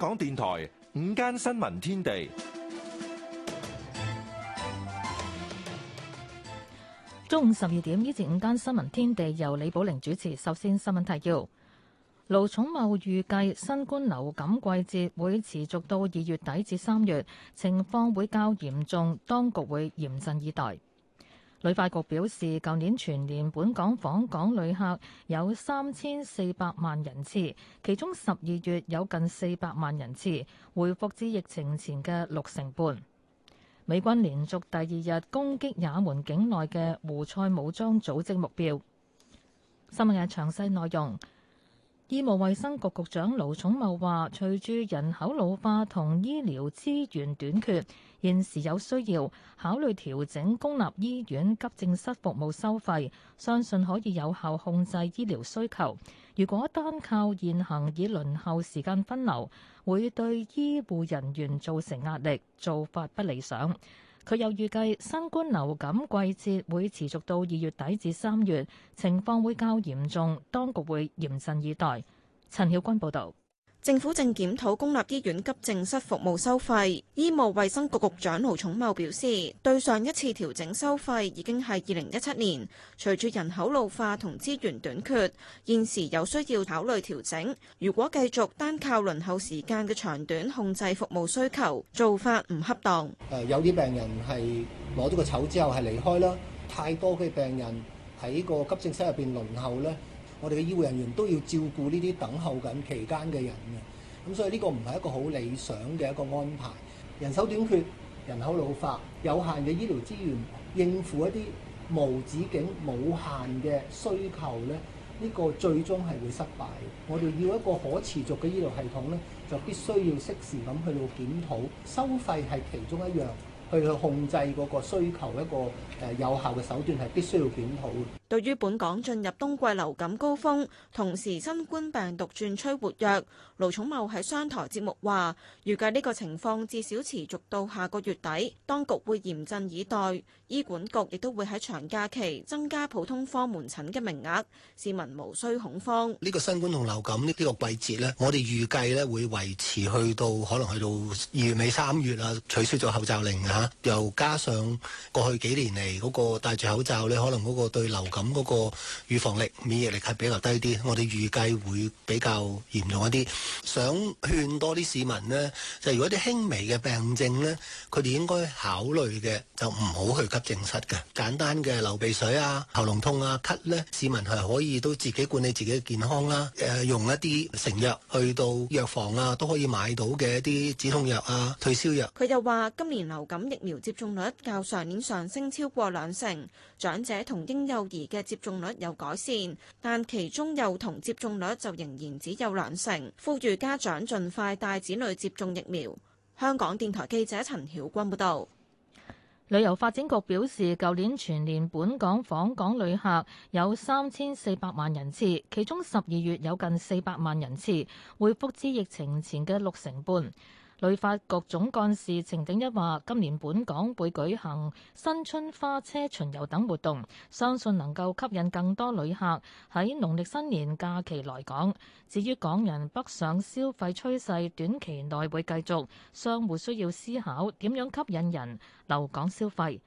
港電台午間新聞天地，中午十二點，呢節午間新聞天地由李寶玲主持。首先新聞提要：盧寵茂預計新冠流感季節會持續到二月底至三月，情況會較嚴重，當局會嚴陣以待。旅發局表示，舊年全年本港訪港旅客有三千四百萬人次，其中十二月有近四百萬人次，回復至疫情前嘅六成半。美軍連續第二日攻擊也門境內嘅胡塞武裝組織目標。新聞嘅詳細內容。醫務衛生局局長盧寵茂話，隨住人口老化同醫療資源短缺，現時有需要考慮調整公立醫院急症室服務收費，相信可以有效控制醫療需求。如果單靠現行以輪候時間分流，會對醫護人員造成壓力，做法不理想。佢又預計新冠流感季節會持續到二月底至三月，情況會較嚴重，當局會嚴陣以待。陳曉君報道。政府正檢討公立醫院急症室服務收費，醫務衛生局局長盧寵茂表示，對上一次調整收費已經係二零一七年，隨住人口老化同資源短缺，現時有需要考慮調整。如果繼續單靠輪候時間嘅長短控制服務需求，做法唔恰當。誒，有啲病人係攞咗個籌之後係離開啦，太多嘅病人喺個急症室入邊輪候咧。我哋嘅醫護人員都要照顧呢啲等候緊期間嘅人嘅，咁所以呢個唔係一個好理想嘅一個安排。人手短缺，人口老化，有限嘅醫療資源應付一啲無止境、無限嘅需求呢呢，呢個最終係會失敗。我哋要一個可持續嘅醫療系統呢，就必須要適時咁去到檢討，收費係其中一樣，去去控制嗰個需求，一個誒有效嘅手段係必須要檢討。對於本港進入冬季流感高峰，同時新冠病毒轉趨活躍，盧寵茂喺商台節目話：預計呢個情況至少持續到下個月底，當局會嚴陣以待。醫管局亦都會喺長假期增加普通科門診嘅名額，市民無需恐慌。呢個新冠同流感呢啲個季節呢，我哋預計咧，會維持去到可能去到二月尾三月啊，取消咗口罩令吓，又加上過去幾年嚟嗰個戴住口罩你可能嗰個對流感咁嗰個預防力、免疫力係比較低啲，我哋預計會比較嚴重一啲。想勸多啲市民呢，就係、如果啲輕微嘅病症呢，佢哋應該考慮嘅就唔好去急症室嘅。簡單嘅流鼻水啊、喉嚨痛啊、咳呢，市民係可以都自己管理自己嘅健康啦。誒，用一啲成藥去到藥房啊，都可以買到嘅一啲止痛藥啊、退燒藥。佢又話今年流感疫苗接種率較上年上升超過兩成，長者同嬰幼兒嘅接種率有改善，但其中幼童接種率就仍然只有兩成。呼籲家長盡快帶子女接種疫苗。香港電台記者陳曉君報道。旅遊發展局表示，舊年全年本港訪港旅客有三千四百萬人次，其中十二月有近四百萬人次，回復至疫情前嘅六成半。旅發局總幹事程鼎一話：今年本港會舉行新春花車巡遊等活動，相信能夠吸引更多旅客喺農曆新年假期來港。至於港人北上消費趨勢，短期內會繼續，商戶需要思考點樣吸引人留港消費。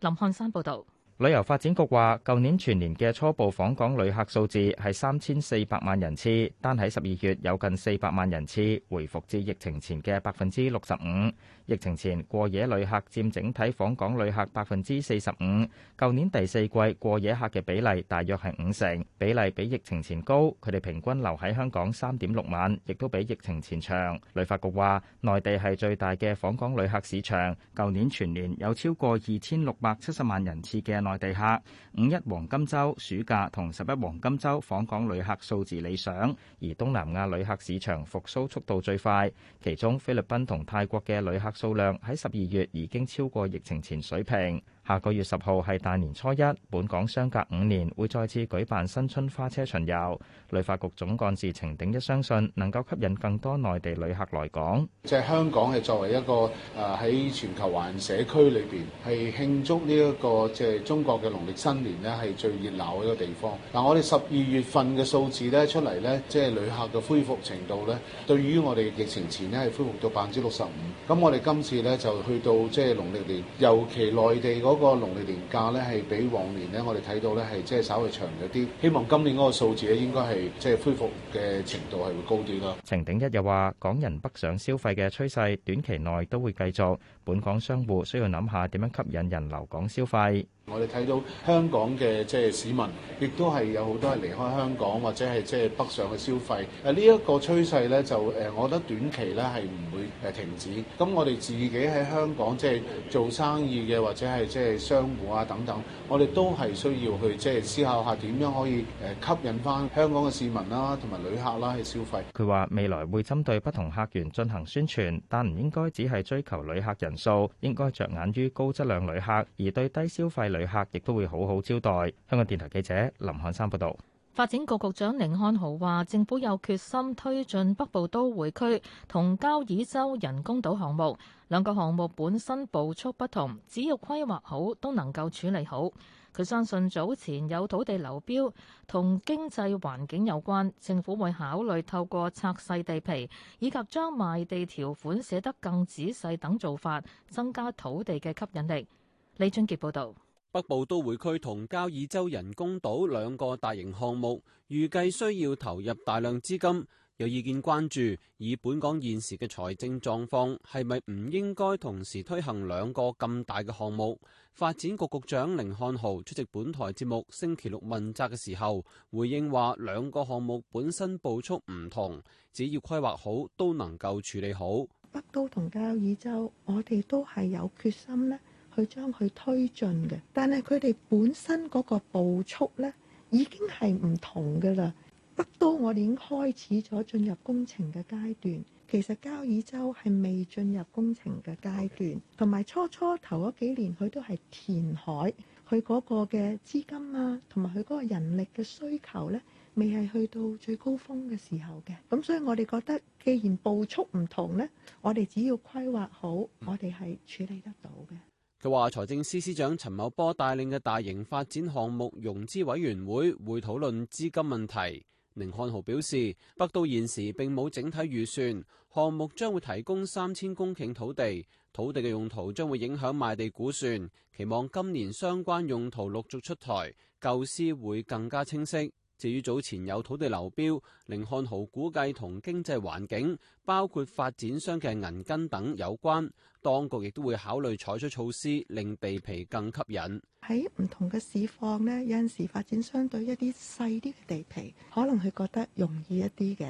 林漢山報導。旅遊發展局話，舊年全年嘅初步訪港旅客數字係三千四百萬人次，單喺十二月有近四百萬人次，回復至疫情前嘅百分之六十五。疫情前過夜旅客佔整體訪港旅客百分之四十五，舊年第四季過夜客嘅比例大約係五成，比例比疫情前高。佢哋平均留喺香港三點六晚，亦都比疫情前長。旅發局話，內地係最大嘅訪港旅客市場，舊年全年有超過二千六百七十萬人次嘅。內地客五一黃金周、暑假同十一黃金周訪港旅客數字理想，而東南亞旅客市場復蘇速度最快，其中菲律賓同泰國嘅旅客數量喺十二月已經超過疫情前水平。下個月十號係大年初一，本港相隔五年會再次舉辦新春花車巡遊，旅發局總幹事程鼎一相信能夠吸引更多內地旅客來港。即係香港係作為一個誒喺、呃、全球華人社區裏邊係慶祝呢、這、一個即係、就是、中國嘅農曆新年咧，係最熱鬧嘅一個地方。嗱、呃，我哋十二月份嘅數字咧出嚟咧，即、就、係、是、旅客嘅恢復程度咧，對於我哋疫情前咧係恢復到百分之六十五。咁我哋今次咧就去到即係農曆年，尤其內地嗰、那、個個農曆年假咧係比往年咧，我哋睇到咧係即係稍微長咗啲，希望今年嗰個數字咧應該係即係恢復嘅程度係會高啲咯。程鼎一又話，港人北上消費嘅趨勢短期內都會繼續。本港商戶需要諗下點樣吸引人流港消費。我哋睇到香港嘅即係市民，亦都係有好多係離開香港或者係即係北上嘅消費。啊，呢一個趨勢咧就，誒，我覺得短期咧係唔會誒停止。咁我哋自己喺香港即係做生意嘅或者係即係商戶啊等等，我哋都係需要去即係思考下點樣可以誒吸引翻香港嘅市民啦同埋旅客啦去消費。佢話未來會針對不同客源進行宣傳，但唔應該只係追求旅客人。數應該着眼於高質量旅客，而對低消費旅客亦都會好好招待。香港電台記者林漢山報道。發展局局長寧漢豪話，政府有決心推進北部都會區同交椅洲人工島項目。兩個項目本身步速不同，只要規劃好，都能夠處理好。佢相信早前有土地流標同經濟環境有關，政府會考慮透過拆細地皮以及將賣地條款寫得更仔細等做法，增加土地嘅吸引力。李俊傑報道，北部都會區同交椅洲人工島兩個大型項目，預計需要投入大量資金。有意見關注，以本港現時嘅財政狀況，係咪唔應該同時推行兩個咁大嘅項目？發展局局長甯漢豪出席本台節目星期六問責嘅時候，回應話兩個項目本身步速唔同，只要規劃好，都能夠處理好。北都同交椅洲，我哋都係有決心呢去將佢推進嘅，但係佢哋本身嗰個步速呢，已經係唔同㗎啦。北都我哋已經開始咗進入工程嘅階段，其實交椅洲係未進入工程嘅階段，同埋初初，初頭嗰幾年佢都係填海，佢嗰個嘅資金啊，同埋佢嗰個人力嘅需求咧，未係去到最高峰嘅時候嘅。咁所以我哋覺得，既然步速唔同咧，我哋只要規劃好，嗯、我哋係處理得到嘅。佢話：財政司司，司長陳茂波帶領嘅大型發展項目融資委員會會討論資金問題。寧漢豪表示，北都現時並冇整體預算，項目將會提供三千公頃土地，土地嘅用途將會影響賣地估算，期望今年相關用途陸續出台，構思會更加清晰。至於早前有土地流標，寧漢豪估計同經濟環境，包括發展商嘅銀根等有關。當局亦都會考慮採取措施，令地皮更吸引。喺唔同嘅市況呢，有陣時發展商對一啲細啲嘅地皮，可能佢覺得容易一啲嘅。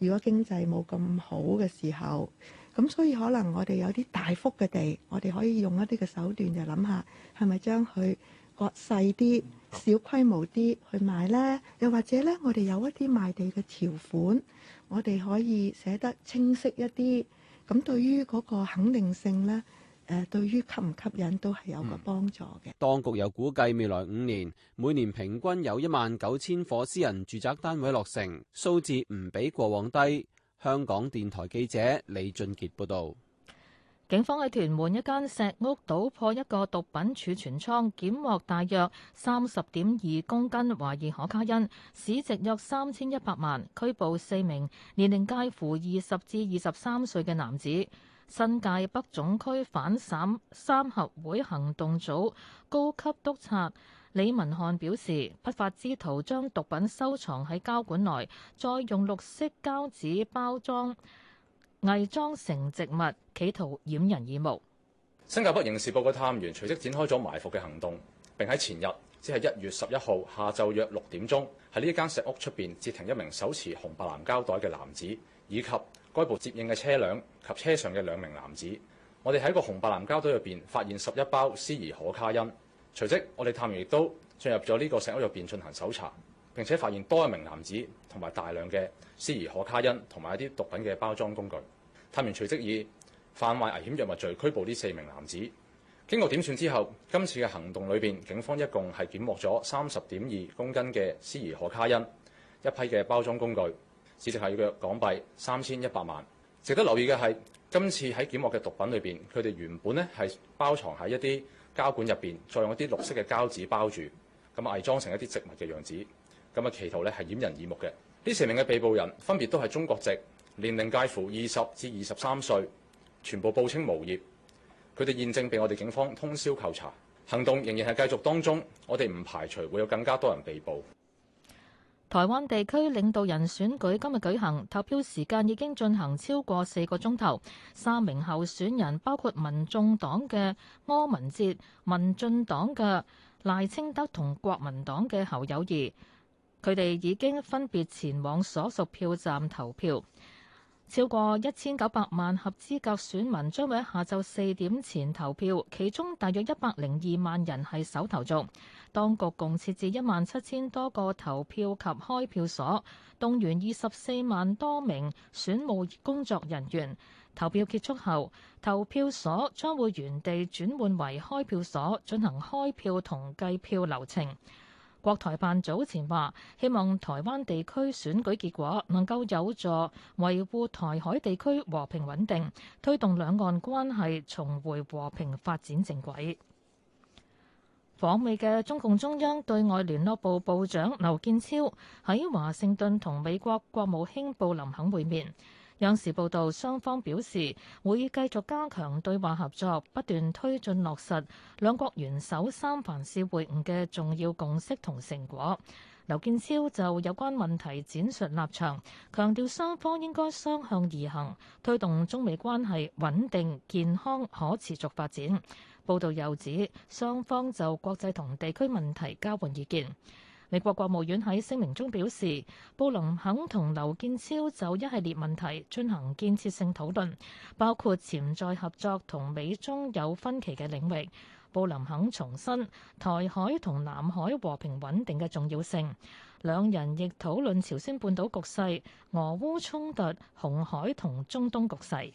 如果經濟冇咁好嘅時候，咁所以可能我哋有啲大幅嘅地，我哋可以用一啲嘅手段就，就諗下係咪將佢割細啲。小規模啲去買咧，又或者咧，我哋有一啲賣地嘅條款，我哋可以寫得清晰一啲。咁對於嗰個肯定性咧，誒、呃、對於吸唔吸引都係有個幫助嘅，嗯。當局又估計未來五年每年平均有一萬九千伙私人住宅單位落成，數字唔比過往低。香港電台記者李俊傑報導。警方喺屯門一間石屋搗破一個毒品儲存倉，檢獲大約三十點二公斤懷疑可卡因，市值約三千一百萬。拘捕四名年齡介乎二十至二十三歲嘅男子。新界北總區反盜三合會行動組高級督察李文漢表示，不法之徒將毒品收藏喺膠管內，再用綠色膠紙包裝。偽裝成植物，企圖掩人耳目。新加坡刑事部嘅探員隨即展開咗埋伏嘅行動，並喺前日，即係一月十一號下晝約六點鐘，喺呢間石屋出邊截停一名手持紅白藍膠袋嘅男子，以及該部接應嘅車輛及車上嘅兩名男子。我哋喺個紅白藍膠袋入邊發現十一包司儀可卡因。隨即，我哋探員亦都進入咗呢個石屋入邊進行搜查。並且發現多一名男子同埋大量嘅絲綿可卡因同埋一啲毒品嘅包裝工具。探員隨即以販賣危險藥物罪拘捕呢四名男子。經過點算之後，今次嘅行動裏邊，警方一共係檢獲咗三十點二公斤嘅絲綿可卡因，一批嘅包裝工具，市值係約港幣三千一百萬。值得留意嘅係，今次喺檢獲嘅毒品裏邊，佢哋原本咧係包藏喺一啲膠管入邊，再用一啲綠色嘅膠紙包住，咁偽裝成一啲植物嘅樣子。咁啊，企圖咧係掩人耳目嘅。呢四名嘅被捕人分別都係中國籍，年齡介乎二十至二十三歲，全部報稱無業。佢哋現正被我哋警方通宵扣查，行動仍然係繼續當中。我哋唔排除會有更加多人被捕。台灣地區領導人選舉今日舉行，投票時間已經進行超過四個鐘頭，三名候選人包括民眾黨嘅柯文哲、民進黨嘅賴清德同國民黨嘅侯友宜。佢哋已經分別前往所屬票站投票，超過一千九百萬合資格選民將會喺下晝四點前投票，其中大約一百零二萬人係首投族。當局共設置一萬七千多個投票及開票所，動員二十四萬多名選務工作人員。投票結束後，投票所將會原地轉換為開票所，進行開票同計票流程。國台辦早前話，希望台灣地區選舉結果能夠有助維護台海地區和平穩定，推動兩岸關係重回和平發展正軌。訪美嘅中共中央對外聯絡部部長劉建超喺華盛頓同美國國務卿布林肯會面。央視報道，雙方表示會繼續加強對話合作，不斷推進落實兩國元首三藩市會晤嘅重要共識同成果。劉建超就有關問題展述立場，強調雙方應該雙向而行，推動中美關係穩定、健康、可持續發展。報道又指，雙方就國際同地區問題交換意見。美國國務院喺聲明中表示，布林肯同劉建超就一系列問題進行建設性討論，包括潛在合作同美中有分歧嘅領域。布林肯重申台海同南海和平穩定嘅重要性。兩人亦討論朝鮮半島局勢、俄烏衝突、紅海同中東局勢。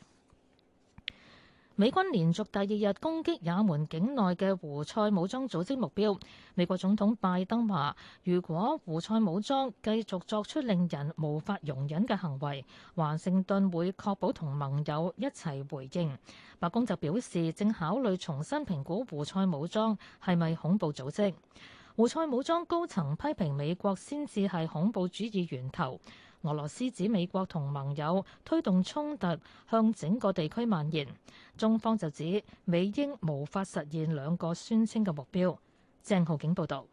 美軍連續第二日攻擊也門境內嘅胡塞武裝組織目標。美國總統拜登話：如果胡塞武裝繼續作出令人無法容忍嘅行為，華盛頓會確保同盟友一齊回應。白宮就表示正考慮重新評估胡塞武裝係咪恐怖組織。胡塞武裝高層批評美國先至係恐怖主義源頭。俄羅斯指美國同盟友推動衝突向整個地區蔓延，中方就指美英無法實現兩個宣稱嘅目標。鄭浩景報導。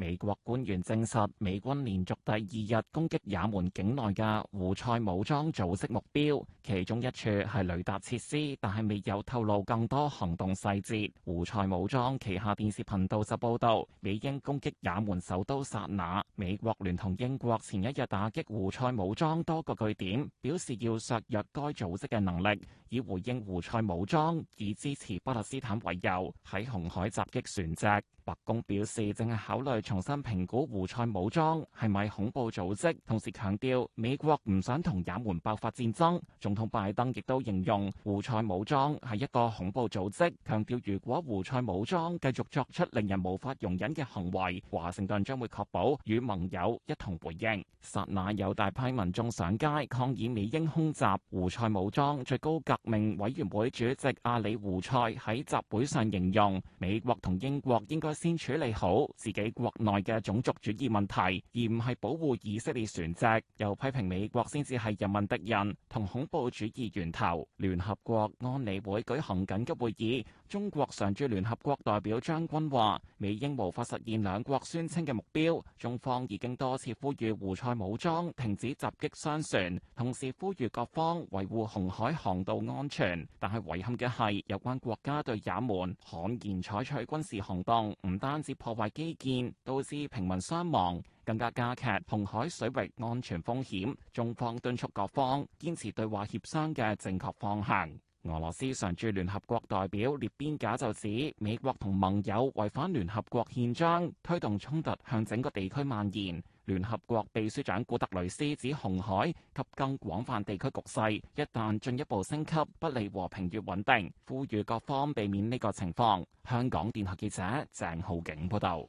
美國官員證實，美軍連續第二日攻擊也門境內嘅胡塞武裝組織目標，其中一處係雷達設施，但係未有透露更多行動細節。胡塞武裝旗下電視頻道就報道，美英攻擊也門首都薩那。美國聯同英國前一日打擊胡塞武裝多個據點，表示要削弱該組織嘅能力，以回應胡塞武裝以支持巴勒斯坦為由喺紅海襲擊船隻。白宮表示，正係考慮，重新評估胡塞武裝係咪恐怖組織，同時強調美國唔想同也門爆發戰爭。總統拜登亦都形容胡塞武裝係一個恐怖組織，強調如果胡塞武裝繼續,續作出令人無法容忍嘅行為。華盛頓將會確保與盟友一同回應，薩那有大批民眾上街抗議美英空襲胡塞武裝。最高革命委員會主席阿里胡塞喺集會上形容美國同英國應該先處理好自己國。內嘅種族主義問題，而唔係保護以色列船隻，又批評美國先至係人民敵人同恐怖主義源頭。聯合國安理會舉行緊急會議。中國常駐聯合國代表張軍話，美英無法實現兩國宣稱嘅目標，中方已經多次呼籲胡塞武裝停止襲擊商船，同時呼籲各方維護紅海航道安全。但係遺憾嘅係，有關國家對也門悍然採取軍事行動，唔單止破壞基建，導致平民傷亡，更加加劇紅海水域安全風險。中方敦促各方堅持對話協商嘅正確方向。俄羅斯常駐聯合國代表列邊賈就指，美國同盟友違反聯合國憲章，推動衝突向整個地區蔓延。聯合國秘書長古特雷斯指，紅海及更廣泛地區局勢一旦進一步升級，不利和平越穩定，呼籲各方避免呢個情況。香港電台記者鄭浩景報道。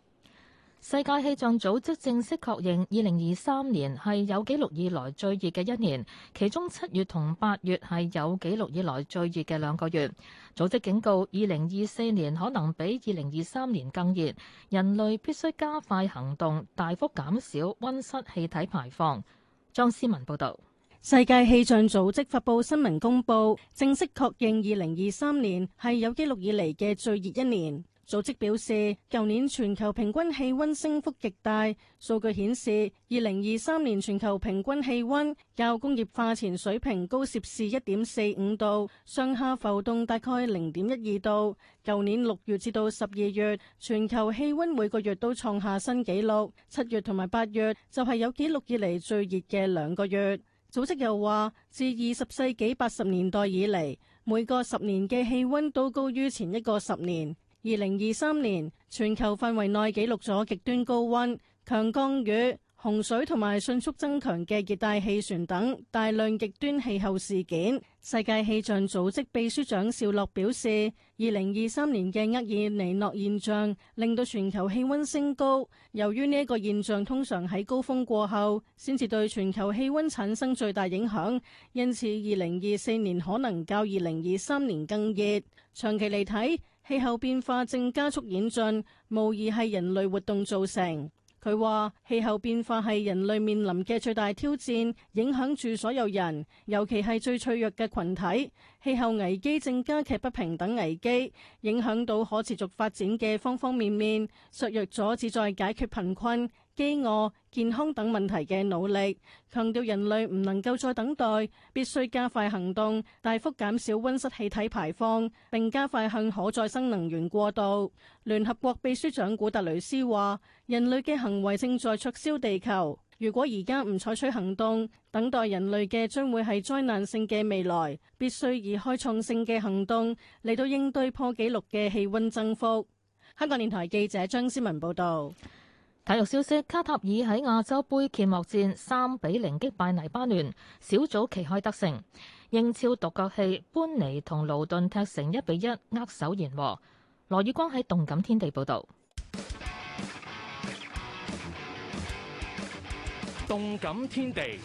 世界氣象組織正式確認二零二三年係有紀錄以來最熱嘅一年，其中七月同八月係有紀錄以來最熱嘅兩個月。組織警告，二零二四年可能比二零二三年更熱，人類必須加快行動，大幅減少温室氣體排放。莊思文報導，世界氣象組織發佈新聞公佈，正式確認二零二三年係有紀錄以嚟嘅最熱一年。組織表示，舊年全球平均氣溫升幅極大。數據顯示，二零二三年全球平均氣溫較工業化前水平高攝氏一點四五度，上下浮動大概零點一二度。舊年六月至到十二月，全球氣溫每個月都創下新紀錄。七月同埋八月就係有紀錄以嚟最熱嘅兩個月。組織又話，自二十世紀八十年代以嚟，每個十年嘅氣溫都高於前一個十年。二零二三年全球範圍內記錄咗極端高温、強降雨、洪水同埋迅速增強嘅熱帶氣旋等大量極端氣候事件。世界氣象組織秘書長紹洛表示，二零二三年嘅厄爾尼諾現象令到全球氣溫升高。由於呢個現象通常喺高峰過後先至對全球氣溫產生最大影響，因此二零二四年可能較二零二三年更熱。長期嚟睇，氣候變化正加速演進，無疑係人類活動造成。佢話：氣候變化係人類面臨嘅最大挑戰，影響住所有人，尤其係最脆弱嘅群體。氣候危機正加劇不平等危機，影響到可持續發展嘅方方面面，削弱咗旨在解決貧困。饑餓、健康等問題嘅努力，強調人類唔能夠再等待，必須加快行動，大幅減少温室氣體排放，並加快向可再生能源過渡。聯合國秘書長古特雷斯話，人類嘅行為正在灼燒地球，如果而家唔採取行動，等待人類嘅將會係災難性嘅未來。必須以開創性嘅行動嚟到應對破紀錄嘅氣溫增幅。香港電台記者張思文報道。體育消息：卡塔爾喺亞洲盃揭幕戰三比零擊敗黎巴嫩，小組旗開得勝。英超獨角戲，班尼同盧頓踢成一比一握手言和。羅宇光喺動感天地報道。動感天地。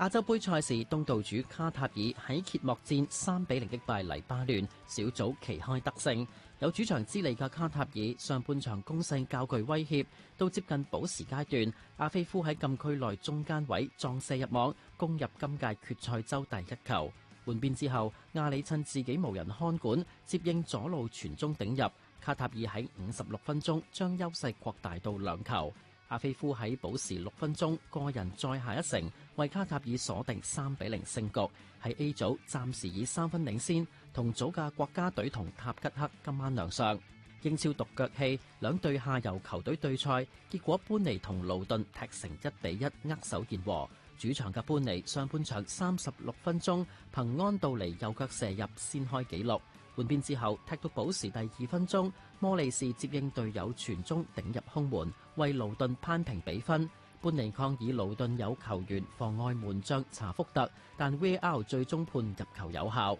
亞洲盃賽事東道主卡塔爾喺揭幕戰三比零擊敗黎巴嫩，小組旗開得勝。有主場之利嘅卡塔爾，上半場攻勢較具威脅，到接近補時階段，阿菲夫喺禁區內中間位撞射入網，攻入今屆決賽周第一球。換邊之後，阿里趁自己無人看管，接應左路傳中頂入，卡塔爾喺五十六分鐘將優勢擴大到兩球。阿菲夫喺補時六分鐘，個人再下一城，為卡塔爾鎖定三比零勝局。喺 A 組暫時以三分領先，同組嘅國家隊同塔吉克今晚亮相。英超獨腳戲，兩隊下游球隊對賽，結果班尼同盧頓踢成一比一握手言和。主場嘅班尼上半場三十六分鐘，平安到嚟右腳射入，先開紀錄。換邊之後，踢到保時第二分鐘，摩利士接應隊友傳中頂入空門，為勞頓扳平比分。般尼抗議勞頓有球員妨礙門將查福特，但 VAR 最終判入球有效。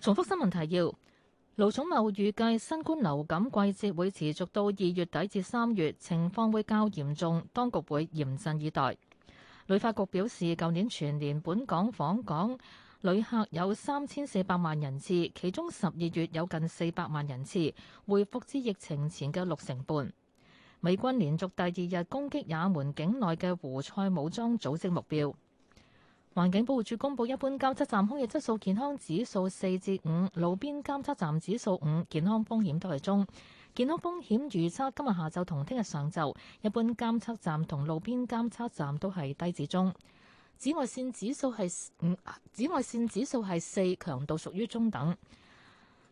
重複新聞提要：盧寵茂預計新冠流感季節會持續到二月底至三月，情況會較嚴重，當局會嚴陣以待。旅發局表示，舊年全年本港訪港旅客有三千四百萬人次，其中十二月有近四百萬人次，回復至疫情前嘅六成半。美軍連續第二日攻擊也門境內嘅胡塞武裝組織目標。環境保護署公布，一般監測站空氣質素健康指數四至五，路邊監測站指數五，健康風險都係中。健康風險預測今日下晝同聽日上晝，一般監測站同路邊監測站都係低至中。紫外線指數係五，紫外線指數係四，強度屬於中等。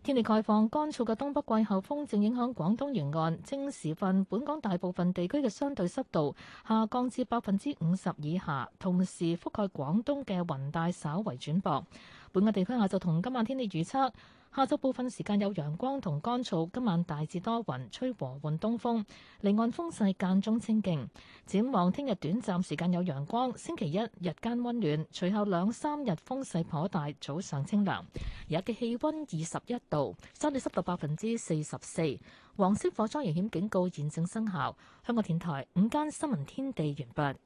天氣概況：乾燥嘅東北季候風正影響廣東沿岸，正時分本港大部分地區嘅相對濕度下降至百分之五十以下，同時覆蓋廣東嘅雲帶稍為轉薄。本港地區下晝同今晚天氣預測。下晝部分時間有陽光同乾燥，今晚大致多雲，吹和緩東風，離岸風勢間中清勁。展望聽日短暫時間有陽光，星期一日間溫暖，隨後兩三日風勢頗大，早上清涼。而日嘅氣溫二十一度，相對濕度百分之四十四。黃色火災危險警告現正生效。香港電台午間新聞天地完畢。